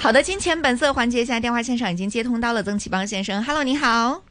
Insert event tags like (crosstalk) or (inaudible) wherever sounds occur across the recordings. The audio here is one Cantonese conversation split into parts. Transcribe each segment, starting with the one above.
好的，金錢本色環節，現在電話線上已經接通到了曾啟邦先生。Hello，你好。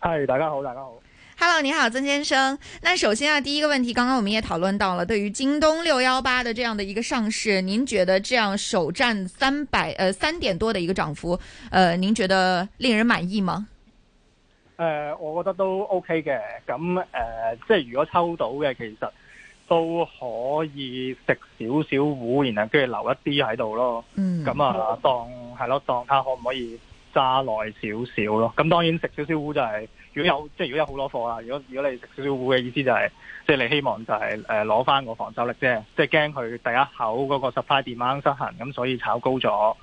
嗨，大家好，大家好。Hello，你好，曾先生。那首先啊，第一個問題，剛剛我們也討論到了，對於京東六幺八的這樣的一個上市，您覺得這樣首站三百呃三點多的一個漲幅，呃，您覺得令人滿意嗎？呃，我覺得都 OK 嘅。咁呃，即係如果抽到嘅，其實，都可以食少少糊，然後跟住留一啲喺度咯。嗯，咁啊的，當係咯，當下可唔可以揸耐少少咯。咁當然食少少糊就係，如果有，即係如果有好多貨啦，如果如果，你食少少糊嘅意思就係，即係你希望就係誒攞翻個防守力啫。即係驚佢第一口嗰個 supply demand 失衡，咁所以炒高咗。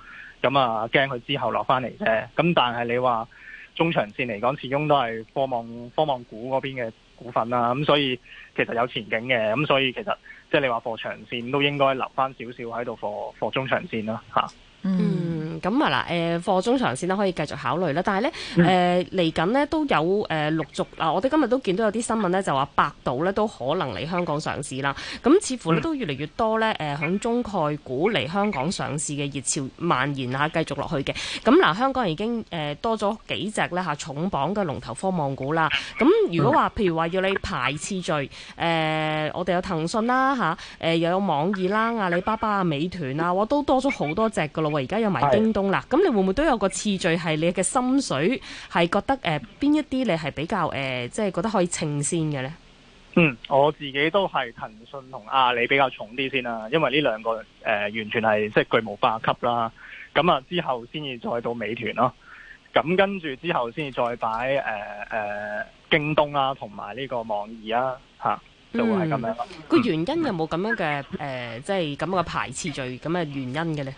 咁啊，驚佢之後落翻嚟啫。咁但係你話中長線嚟講，始終都係科網科網股嗰邊嘅。股份啦、啊，咁、嗯、所以其實有前景嘅，咁、嗯、所以其實即係、就是、你話放長線都應該留翻少少喺度放放中長線啦、啊，吓、啊。Mm. 嗯，咁啊嗱，誒，貨中長線咧可以繼續考慮啦。但係咧，誒，嚟緊呢都有誒陸續啊，我哋今日都見到有啲新聞咧就話百度咧都可能嚟香港上市啦。咁似乎呢都越嚟越多咧誒，響、呃、中概股嚟香港上市嘅熱潮蔓延啊，繼續落去嘅。咁嗱，香港已經多咗幾隻咧嚇重磅嘅龍頭科望股啦。咁如果話譬如話要你排次序，呃、我哋有騰訊啦嚇，誒又有網易啦、阿里巴巴啊、美團啊，我都多咗好多隻嘅咯。我而家有埋京東啦，咁是的 你會唔會都有個次序？係你嘅心水係覺得誒，邊、呃、一啲你係比較誒，即、呃、係、就是、覺得可以稱先嘅咧？嗯，我自己都係騰訊同阿里比較重啲先啦，因為呢兩個誒、呃、完全係即係巨無霸級啦。咁啊之後先至再到美團咯，咁跟住之後先至再擺誒誒京東啊，同埋呢個網易啊，吓、啊、就係咁樣。個、嗯嗯、原因有冇咁樣嘅誒、 (laughs) 呃，即係咁嘅排次序咁嘅原因嘅咧？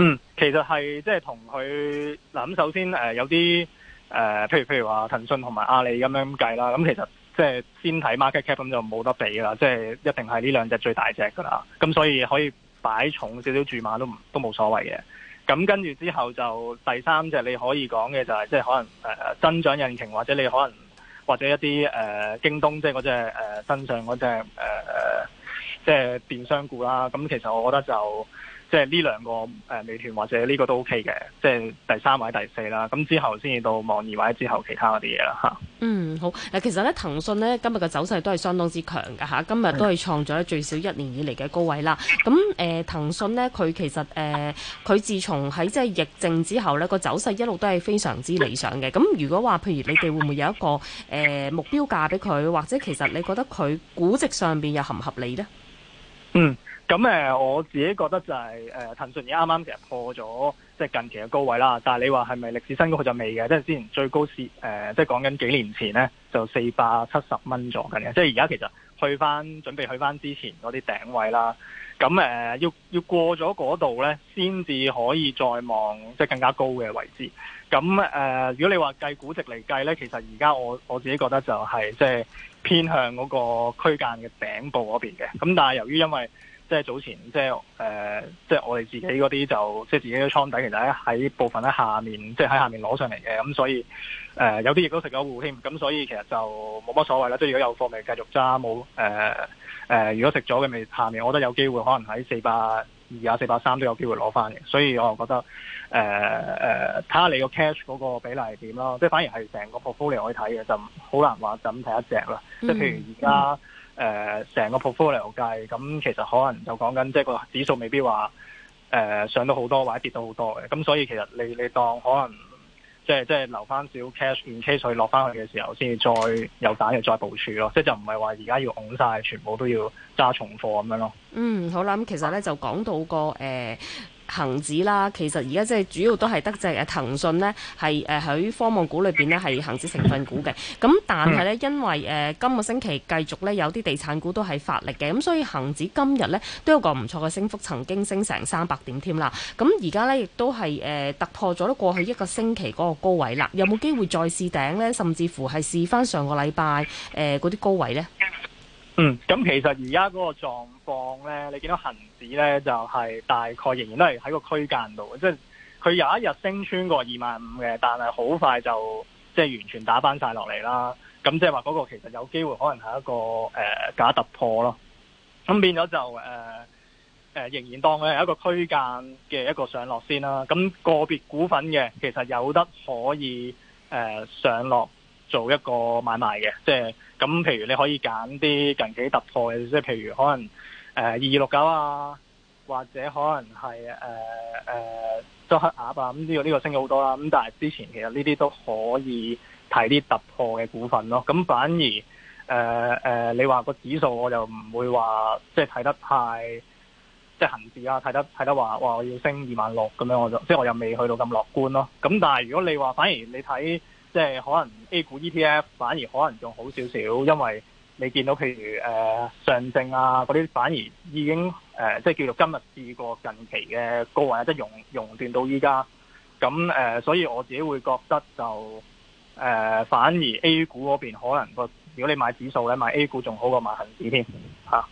嗯，其實係即係同佢嗱咁，首先誒有啲誒、呃，譬如譬如話騰訊同埋阿里咁樣計啦，咁其實即係先睇 market cap 咁就冇得比啦，即、就、係、是、一定係呢兩隻最大隻噶啦，咁所以可以擺重少少注碼都唔都冇所謂嘅。咁跟住之後就第三隻你可以講嘅就係即係可能誒、呃、增長引擎，或者你可能或者一啲誒、呃、京東即係嗰隻誒身上嗰隻，誒即係電商股啦。咁其實我覺得就。即係呢兩個誒，美、呃、團或者呢個都 OK 嘅，即係第三位，第四啦，咁之後先至到望二或者之後其他嗰啲嘢啦嚇。嗯，好嗱，其實咧騰訊呢今日嘅走勢都係相當之強㗎吓。今日都係創咗最少一年以嚟嘅高位啦。咁誒、嗯呃、騰訊呢，佢其實誒佢、呃、自從喺即係疫症之後呢個走勢一路都係非常之理想嘅。咁、嗯、如果話譬如你哋會唔會有一個誒、呃、目標價俾佢，或者其實你覺得佢估值上面又合唔合理呢？嗯。咁誒，我自己覺得就係誒騰訊而啱啱其實破咗即係近期嘅高位啦。但係你話係咪歷史新高，佢就未嘅。即係之前最高是誒、呃，即係講緊幾年前咧，就四百七十蚊左近嘅。即係而家其實去翻準備去翻之前嗰啲頂位啦。咁誒、呃、要要過咗嗰度咧，先至可以再望即係、就是、更加高嘅位置。咁誒、呃，如果你話計估值嚟計咧，其實而家我我自己覺得就係即係偏向嗰個區間嘅頂部嗰邊嘅。咁但係由於因為即係早前，即係誒、呃，即係我哋自己嗰啲就，即係自己嘅倉底，其實喺部分喺下面，即係喺下面攞上嚟嘅。咁所以誒、呃，有啲亦都食咗糊添。咁所以其實就冇乜所謂啦。即係如果有貨，咪繼續揸；冇誒誒，如果食咗嘅咪下面。我覺得有機會可能喺四百二啊、四百三都有機會攞翻嘅。所以我又覺得誒誒，睇、呃、下、呃、你個 cash 嗰個比例係點咯。即係反而係成個 portfolio 去睇嘅，就好難話咁睇一隻啦。即係譬如而家。嗯嗯誒成、呃、個 portfolio 計，咁其實可能就講緊，即係個指數未必話誒、呃、上到好多，或者跌到好多嘅。咁所以其實你你當可能即係即留翻少 cash in case，所以落翻去嘅時候，先至再有彈藥，再部署咯。即係就唔係話而家要拱晒，全部都要揸重貨咁樣咯。嗯，好啦，咁其實咧就講到個誒。呃恒指啦，其實而家即係主要都係得隻誒騰訊呢，係誒喺科網股裏邊呢，係恒指成分股嘅。咁 (laughs) 但係呢，因為誒今個星期繼續呢，有啲地產股都係發力嘅，咁所以恒指今日呢，都有一個唔錯嘅升幅，曾經升成三百點添啦。咁而家呢，亦都係誒突破咗過去一個星期嗰個高位啦。有冇機會再試頂呢？甚至乎係試返上個禮拜誒嗰啲高位呢？嗯，咁其實而家嗰個狀況咧，你見到恆指咧就係大概仍然都係喺個區間度，即係佢有一日升穿過二萬五嘅，但係好快就即係、就是、完全打返晒落嚟啦。咁即係話嗰個其實有機會可能係一個誒、呃、假突破咯。咁變咗就誒誒、呃、仍然當佢係一個區間嘅一個上落先啦。咁、那個別股份嘅其實有得可以誒、呃、上落做一個買賣嘅，即係咁譬如你可以揀啲近期突破嘅，即、就、係、是、譬如可能。誒二二六九啊，或者可能係誒誒周黑鴨啊，咁、這、呢個呢、這個升咗好多啦。咁但係之前其實呢啲都可以睇啲突破嘅股份咯。咁、嗯、反而誒誒、呃呃，你話個指數，我就唔會話即係睇得太即係恒指啊，睇得睇得話話我要升二萬六咁樣，我就即係、就是、我又未去到咁樂觀咯。咁、嗯、但係如果你話反而你睇即係可能 A 股 ETF，反而可能仲好少少，因為。你見到譬如誒上證啊嗰啲，那些反而已經誒、呃、即係叫做今日試過近期嘅高位，即係熔熔斷到依家。咁誒、呃，所以我自己會覺得就誒、呃，反而 A 股嗰邊可能個如果你買指數咧，買 A 股仲好過買恆指添嚇。啊、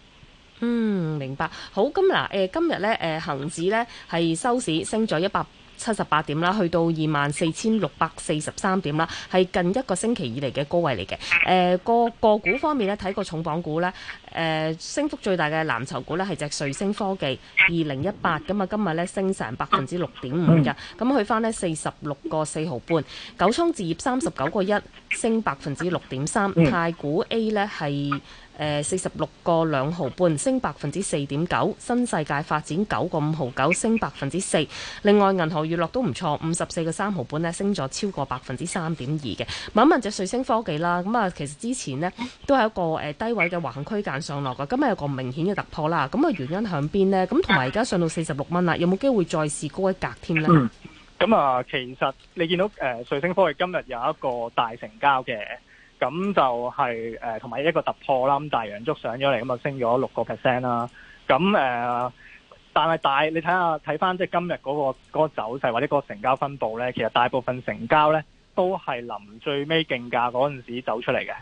嗯，明白。好，咁嗱誒，今日咧誒恆指咧係收市升咗一百。七十八點啦，去到二萬四千六百四十三點啦，係近一個星期以嚟嘅高位嚟嘅。誒、呃、個個股方面呢，睇個重磅股呢，誒、呃、升幅最大嘅藍籌股呢，係隻瑞聲科技二零一八，咁啊今日呢，升成百分之六點五嘅，咁去翻呢，四十六個四毫半，九倉置業三十九個一，升百分之六點三，太古 A 呢，係。誒，四十六個兩毫半，升百分之四點九；新世界發展九個五毫九，升百分之四。另外銀行，銀河娛樂都唔錯，五十四個三毫半咧，升咗超過百分之三點二嘅。問一問隻瑞星科技啦，咁啊，其實之前呢都係一個誒低位嘅橫行區間上落噶，今日有一個明顯嘅突破啦。咁啊，原因喺邊呢？咁同埋而家上到四十六蚊啦，有冇機會再試高一格添呢？咁、嗯、啊，其實你見到誒、呃、瑞星科技今日有一個大成交嘅。咁就係誒同埋一個突破啦，咁大陽燭上咗嚟，咁就升咗六個 percent 啦。咁、啊、誒、呃，但係大你睇下睇翻即係今日嗰、那個嗰、那個、走勢或者個個成交分布咧，其實大部分成交咧都係臨最尾競價嗰陣時走出嚟嘅，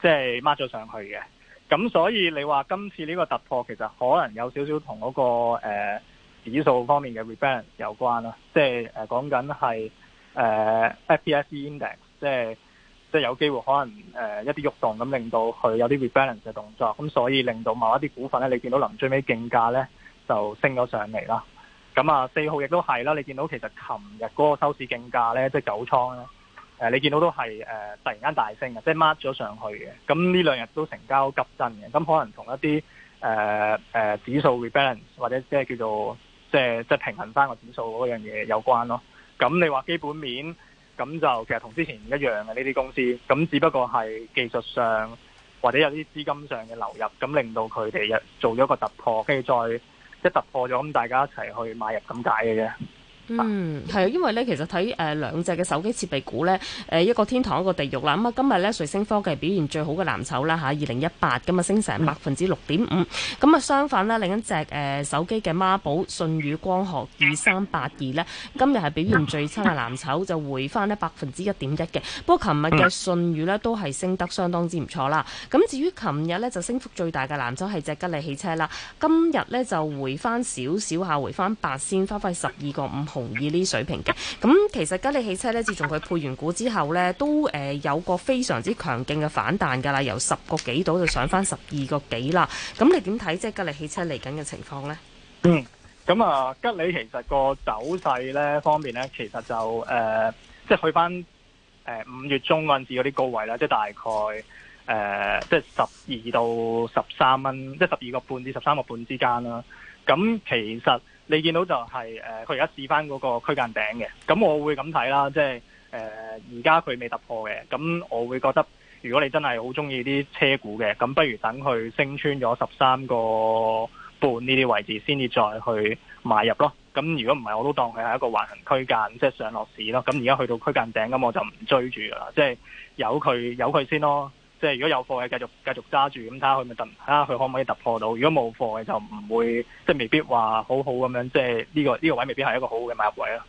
即係抹咗上去嘅。咁所以你話今次呢個突破其實可能有少少同嗰、那個、呃、指數方面嘅 rebalance 有關啦，即係誒講緊係誒 FTSE Index，即、就、係、是。即係有機會可能誒一啲喐動咁，令到佢有啲 rebalance 嘅動作，咁所以令到某一啲股份咧，你見到臨最尾競價咧就升咗上嚟啦。咁啊，四號亦都係啦，你見到其實琴日嗰個收市競價咧，即係九倉咧，你見到都係誒、呃、突然間大升嘅，即係 mark 咗上去嘅。咁呢兩日都成交急增嘅，咁可能同一啲誒、呃呃、指數 rebalance 或者即係叫做即係即係平衡翻個指數嗰樣嘢有關咯。咁你話基本面？咁就其實同之前一樣嘅呢啲公司，咁只不過係技術上或者有啲資金上嘅流入，咁令到佢哋又做咗個突破，跟住再一突破咗，咁大家一齊去買入咁解嘅啫。嗯，係啊，因為咧，其實睇誒、呃、兩隻嘅手機設備股咧、呃，一個天堂一個地獄啦。咁、嗯、啊，今日咧瑞聲科技表現最好嘅藍籌啦嚇，二零一八嘅嘛，升成百分之六點五。咁、嗯、啊，相反呢，另一隻誒、呃、手機嘅孖寶舜宇光學二三八二呢，今日係表現最差嘅藍籌，就回翻呢百分之一點一嘅。不過琴日嘅舜宇呢都係升得相當之唔錯啦。咁、嗯、至於琴日呢，就升幅最大嘅藍籌係隻吉利汽車啦，今日呢，就回翻少少下，回翻八仙，花翻十二個五毫。同意呢水平嘅，咁其實吉利汽車咧，自從佢配完股之後咧，都誒有個非常之強勁嘅反彈㗎啦，由十個幾度就上翻十二個幾啦。咁你點睇即係吉利汽車嚟緊嘅情況呢？嗯，咁啊，吉利其實個走勢咧方面咧，其實就誒、呃，即係去翻誒五月中陣時嗰啲高位啦，即係大概誒、呃，即係十二到十三蚊，即係十二個半至十三個半之間啦。咁其實。你見到就係誒，佢而家試翻嗰個區間頂嘅，咁我會咁睇啦，即係誒而家佢未突破嘅，咁我會覺得如果你真係好中意啲車股嘅，咁不如等佢升穿咗十三個半呢啲位置先至再去買入咯。咁如果唔係，我都當佢係一個橫行區間，即係上落市咯。咁而家去到區間頂咁，我就唔追住噶啦，即係由佢由佢先咯。即係如果有貨嘅繼續繼續揸住，咁睇下佢咪突，睇下佢可唔可以突破到。如果冇貨嘅就唔會，即係未必話好好咁樣。即係呢個呢個位未必係一個好嘅買入位啦。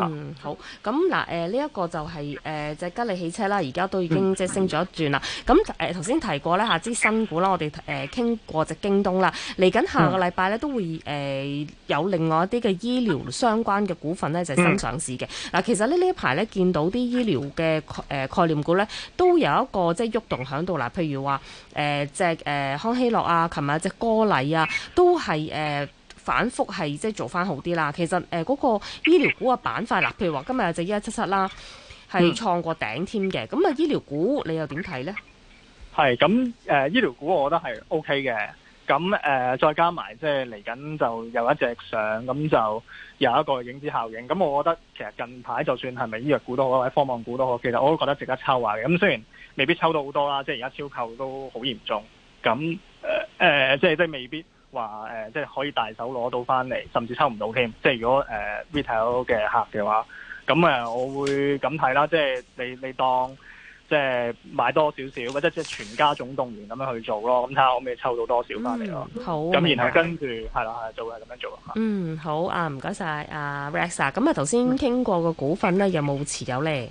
啊、嗯，好。咁嗱，呢、呃、一、這個就係誒隻吉利汽車啦，而家都已經即、就是、升咗一轉啦。咁誒頭先提過咧下支新股啦，我哋誒傾過隻京東啦。嚟緊下個禮拜咧都會誒、呃、有另外一啲嘅醫療相關嘅股份咧，就係、是、新上市嘅。嗱、嗯呃，其實呢，呢一排咧見到啲醫療嘅誒概念股咧，都有一個即係喐動響度啦。譬如話即係誒康希諾啊，琴日隻歌禮啊，都係誒。呃反覆係即係做翻好啲啦。其實誒嗰個醫療股嘅板塊啦，譬如話今日有隻一一七七啦，係創過頂添嘅。咁啊、嗯，醫療股你又點睇咧？係咁誒，醫療股我覺得係 OK 嘅。咁誒、呃、再加埋即係嚟緊就有一隻上，咁就有一個影子效應。咁我覺得其實近排就算係咪醫藥股都好，或者科網股都好，其實我都覺得值得抽下嘅。咁雖然未必抽到好多啦，即係而家超購都好嚴重。咁誒誒，即係即係未必。話誒、呃，即係可以大手攞到翻嚟，甚至抽唔到添。即係如果誒、呃、retail 嘅客嘅話，咁誒，我會咁睇啦。即係你你當即係買多少少，或者即係全家總動員咁樣去做咯。咁睇下我可唔可以抽到多少翻嚟咯。好咁，然後跟住係啦，做係咁樣做。嗯，好啊，唔該晒 Rexa。咁啊，頭先傾過個股份咧，有冇持有咧？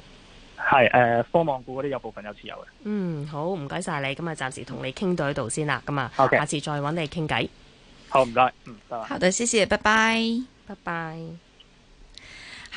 係誒、嗯啊，科網股嗰啲有部分有持有嘅。嗯，好，唔該晒你。咁、嗯、啊，暫時同你傾到呢度先啦。咁啊，下次再搵你傾偈。Okay. Oh, 好的，謝謝，拜拜，拜拜。